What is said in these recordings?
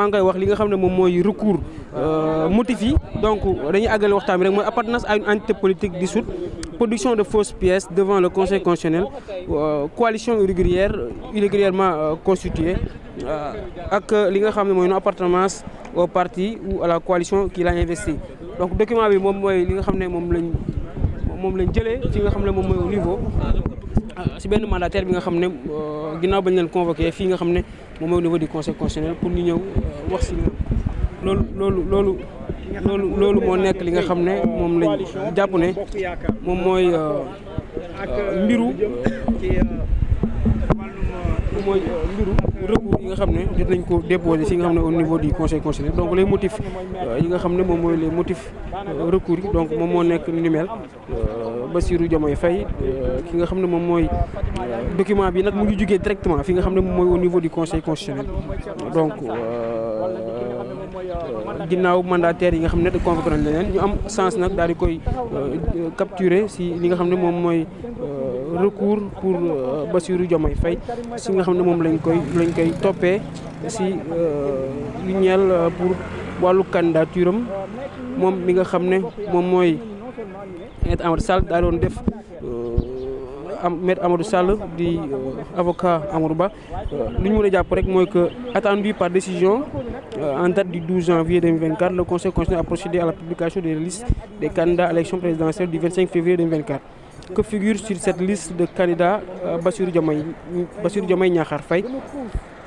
maa ngi wax li nga xam ne moom mooy recours euh, motif yi donc dañuy àggale waxtaan bi rek mooy appartenance à une entité politique dissoute production de fausses pièces devant le conseil constitutionnel euh, coalition irrégulière irrégulièrement euh, ak li nga xam ne mooy non appartenance au parti ou à la coalition qui l'a investi donc document bi moom mooy li nga xam ne moom lañ moom lañ jëlee fi nga xam ne moom mooy au niveau si benn mandataire bi nga xam ne ginnaaw bañ leen convoqué fii nga xam ne moom au niveau du conseil constitutionnel pour ñu ñëw euh, wax si loolu loolu loolu loolu loolu moo nekk li nga xam ne moom lañ jàpp ne moom mooy euh, euh, mbiru mooy euh, mbiru recours yi nga xam ne jot nañ ko déposé si nga xam ne au niveau du conseil constitutionnel donc les motifs euh, yi nga xam ne moom mooy les motifs euh, recours yi moom moo nekk ni mel Bassirou Diomaye Faye ki nga xam ne moom mooy document bi nag mu ngi jugee directement fi nga xam ne moom mooy au niveau du conseil constitutionnel donc ginnaaw mandataire yi nga xam ne convoqué nañ leen ñu am sens nag daal di koy capturer si li nga xam ne moom mooy. recours pour euh, Bassirou Diomaye fay si nga xam ne moom lañ koy lañ koy toppee si euh, lu ñeel euh, pour wàllu candidature moom mi nga xam ne moom mooy Maître Amadou Sall daa doon def am Maître Amadou Sall di avocat Amadou Ba lu ñu mën a jàpp rek mooy que attendu par décision en du janvier le conseil constitutionnel a procédé à la publication des listes des candidats à présidentielle du février que figure sur cette liste de candidats euh, Bassirou Diomaye Bassirou Diomaye Diakhar Faye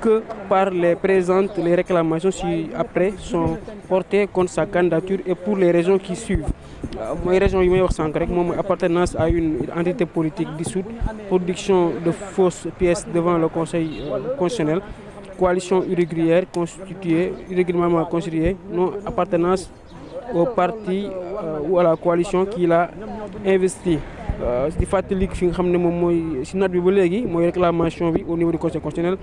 que par les présentes les réclamations ci après sont portées contre sa candidature et pour les raisons qui suivent euh, mooy raison y may wax sànq rek moom mooy appartenance à une entité politique dissoute production de fausses pièces devant le conseil euh, constitutionnel coalition irrégulière constituée irrégulièrement constituée non appartenance au parti ou à la coalition qui l'a investi Euh, di fàttali fi nga xam ne moom mooy si naat bi ba léegi mooy réclamation bi au niveau du conseil constitutionnel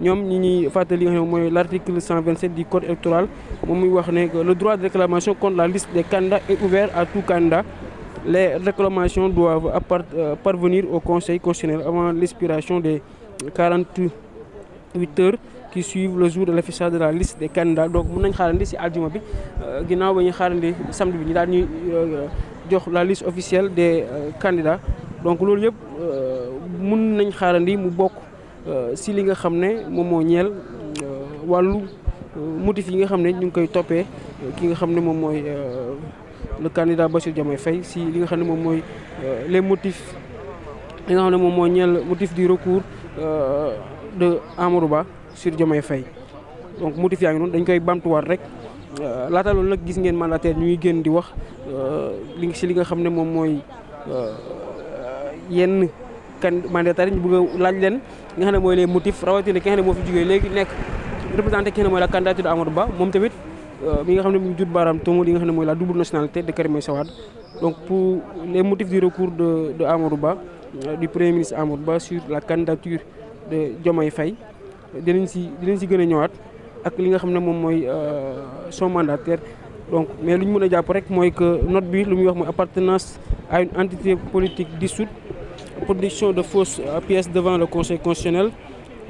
ñoom ñi ñuy fàttali nga xam ne mooy l' article 127 du code électoral moom muy wax ne le droit de réclamation contre la liste des candidats est ouvert à tout le les réclamations doivent euh, parvenir au conseil constitutionnel avant l'expiration des 48 heures qui suivent le jour de l'affichage de la liste des candidats donc mun nañ xaarandi si aljuma bi euh, ginnaaw ba ñu xaarandi samedi bi ñu daal ñuy jox la liste officielle des euh, candidats donc loolu yëpp euh, mun nañ xaarandi mu bokk euh, si li nga xam ne moom moo ñeel wàllu motif yi nga xam ne ñu ngi koy toppee ki nga xam ne moom mooy le candidat Bassirou Diomaye Faye si li nga xam ne moom mooy les motifs li nga ne moom moo ñeel motif di recours de Amadou Ba sur Diomaye fay donc motif yaa ngi noonu dañ koy bamtuwaat rek. Euh, laata loolu nag gis ngeen mandataire ñu ngi gën di wax euh, li si li nga xam ne moom mooy euh, yenn kan mandataire ñu bëgg laaj leen li nga xam ne mooy les motifs rawatina ki nga ne moo fi jógee léegi nekk représenté ki nga xam ne mooy la candidature Amadou Ba moom tamit mi nga xam ne mu jur baaraam tuuma li nga xam ne mooy laa double nationalité de Karim Meïssa Wade donc pour les motifs du recours de de Amadou Ba di premier ministre Amadou Ba sur la candidature de fay Faye dinañ si dinañ si gën a ñëwaat. ak li nga xam ne moom mooy euh, son mandataire donc mais lu ñu mën a jàpp rek mooy que not bi lu muy wax mooy appartenance à une entité politique dissoute production de fausses euh, pièces devant le conseil constitutionnel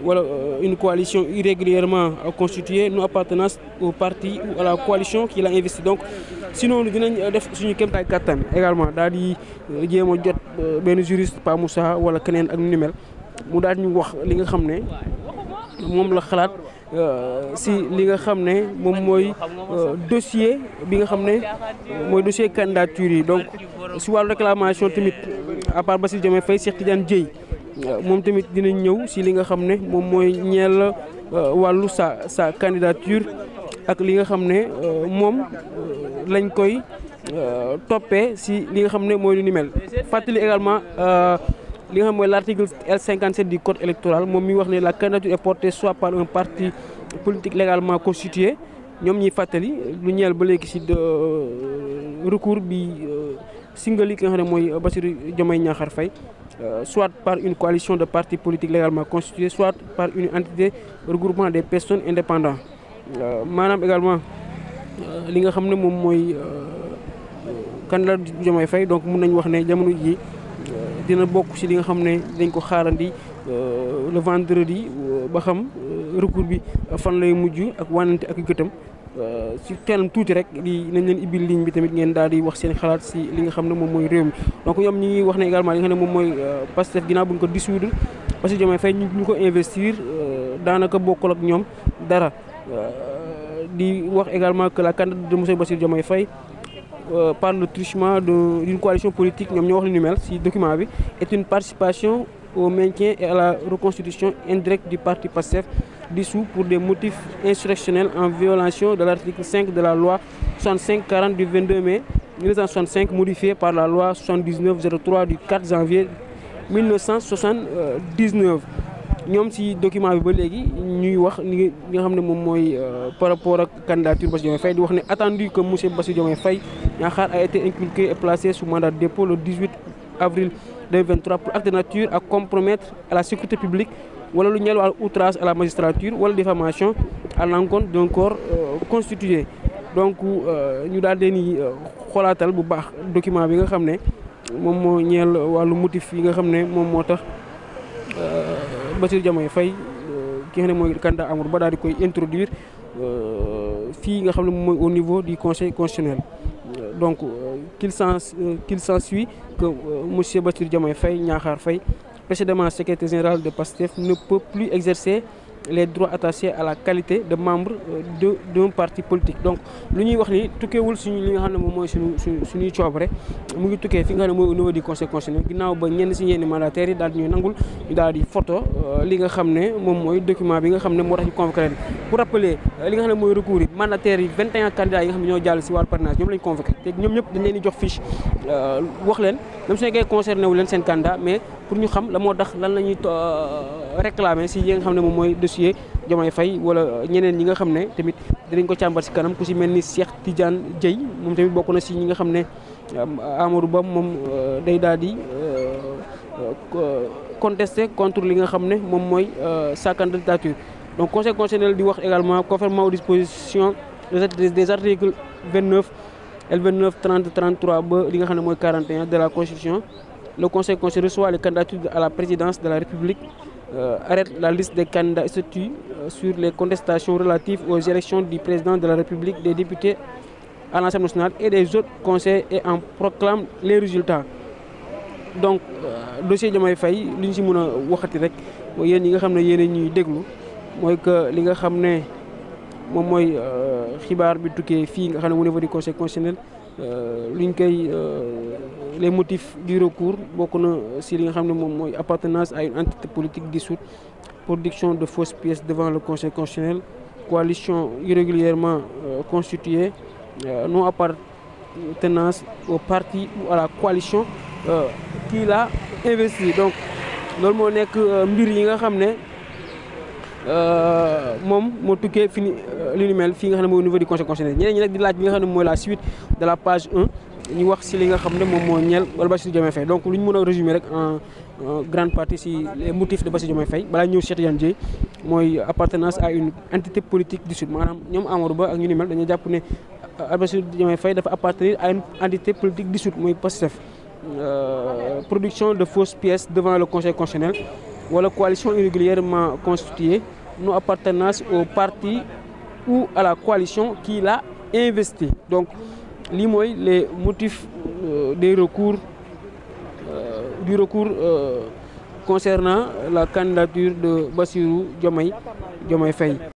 wala euh, une coalition irrégulièrement constituée non appartenance au parti ou la coalition qui l'a investi donc si noonu dinañ def suñu kéemtaay kàttan également daal di jéem a jot benn juriste Pa Moussa wala keneen ak nu mel mu daal ñu wax li nga xam ne moom la xalaat Euh, si li nga xam ne moom mooy euh, dossier bi nga xam ne mooy dossier candidature yi donc si wàllu réclamation tamit à part Bassirou Diomaye fay Cheikh Tidiane Dièye euh, moom tamit dinañ ñëw si li nga xam ne moom mooy ñeel wàllu sa sa candidature ak li nga xam ne moom lañ koy toppee si li nga xam ne mooy lu ni mel fàttali également. li nga xam mooy l' article L57 du code électoral moom la candidature est portée soit politique légalement constitué ñoom ñuy fàttali lu ñeel ba léegi si euh, recours bi euh, singali ki nga xam ne mooy Bassirou Diomaye Diakhar Faye euh, soit par une coalition de partis politiques légalement constitués soit par une entité regroupant des personnes indépendantes maanaam également li nga xam ne moom mooy candidat Diomaye Faye donc mun nañu wax ne jamono ji Euh, dina bokk si li nga xam ne dañ ko xaarandi euh, le vendredi euh, ba xam recours bi fan lay mujj ak wànnante ak gëtam ci kanam tuuti rek di nañ leen ibbil ligne bi tamit ngeen daal di wax seen xalaat si li nga xam ne moom mooy réew mi donc ñoom ñi ngi wax ne également li nga xam ne moom mooy Pastef ginnaaw buñ ko dissoudre parce que Diomaye Faye ñu ñu ko investir daanaka bokkul ak ñoom dara di wax également que la candidature de monsieur Bassirou Diomaye fay Euh, par le truchement d'une coalition politique ñoom ñoo wax lu ñu mel ci bi est une participation au maintien et à la reconstitution indirecte du parti PASTEF dissous pour des motifs insurrectionnels en violation de l'article 5 de la loi 65-40 du 22 mai 1965 modifié par la loi 79-03 du 4 janvier 1979 ñoom si document bi ba léegi ñuy wax li nga xam ne moom mooy euh, par rapport ak candidature Bassirou Diomaye Faye di wax ne attendu que monsieur Bassirou Diomaye Faye Niakhar a été inculqué et placé sous mandat de dépôt le 18 avril pour acte de à compromettre à la sécurité publique wala lu ñeel wàllu outrage à la magistrature wala diffamation à l'encontre d'un corps euh, constitué donc euh, ñu daal di xoolaatal bu baax document bi nga xam ne moom moo ñel wàllu motif yi nga xam ne moom moo tax. Bassirou Diomaye fay euh, ki nga xam ne mooy candidat Amadou Ba daal di koy introduire euh, fii nga xam ne mooy au niveau du conseil constitutionnel euh, donc qu'il s'en qu'il s'ensuit que monsieur Bassirou Diomaye Faye Niakhar fay précédemment secrétaire général de PASTEF ne peut plus exercer les droits attachés à la qualité de membre euh, de d'un parti politique donc lu ñuy wax ni tukkeewul suñu li nga xam ne moom mooy suñu suñu suñuy mu ngi tukkee fi nga xam ne mooy au niveau du conseil constitutionnel ginnaaw ba si yenn mandataires yi daal di ñu daal di photo euh, li nga xam ne moom mooy document bi nga xam ne moo tax ñu convoqué leen pour rappeler euh, li nga xam ne mooy recours yi mandataires yi 21 candidats yi nga xam ne ñoo jàll si wàllu parrainage su nekkee concerné wu leen seen candidat mais pour ñu xam la moo tax lan la ñuy euh, réclamer si yi nga xam ne moom mooy dossier Diomaye fay wala ñeneen ñi nga xam ne tamit dinañ ko càmbar si kanam ku si mel ni Cheikh Tidiane jëy moom tamit bokk na si ñi nga xam ne euh, Amadou Ba moom euh, day daal di contester contre li nga xam ne moom mooy sa candidature. donc conseil constitutionnel di wax également conformément aux dispositions des articles 29 L29 30 ba li nga xam ne mooy 41 de la constitution. le Conseil constitutionnel reçoit les candidatures à la présidence de la République, euh, arrête la liste des candidats et se tue sur les contestations relatives aux élections du président de la République, des députés à l'Assemblée nationale et des autres conseils et en proclame les résultats. donc euh, dossier Diomaye fay li ñu si mun a waxati rek mooy yéen ñi nga xam ne yéen ñuy déglu mooy que li nga xam ne moom mooy euh, xibaar bi tukkee fii nga xam ne au niveau du conseil constitutionnel Euh, luñ koy euh, les motifs du recours bokk na si li nga xam ne moom mooy appartenance à une entité politique dissoute production de fausses pièces devant le conseil constitutionnel coalition irrégulièrement euh, constituée non appartenance au à la coalition qui l'a investi donc loolu moo nekk mbir yi nga xam ne Euh, moom moo tukkee fi euh, li ni mel fi nga xam ne mooy niveau du conseil constitutionnel ñeneen di laaj li nga xam ne mooy la suite de la page 1 ñu wax si li nga xam ne moom moo ñeel wala Bassirou Diomaye Faye donc lu ñu mën a résumer rek en grande partie si les motifs de Bassirou Diomaye Faye balaa ñëw Cheikh Tidiane Dièye mooy appartenance à une entité politique du Sud maanaam ñoom Amadou Ba ak ñu ni mel dañoo jàpp ne euh, Bassirou Diomaye Faye dafa appartenir à une entité politique du Sud mooy PASTEF production de fausses pièces devant le conseil wala coalition irrégulièrement constituée non appartenance au parti ou à la coalition qui l'a investi donc lii mooy les motifs euh, des recours euh, du recours euh, concernant la candidature de Bassirou Diomaye Diomaye Faye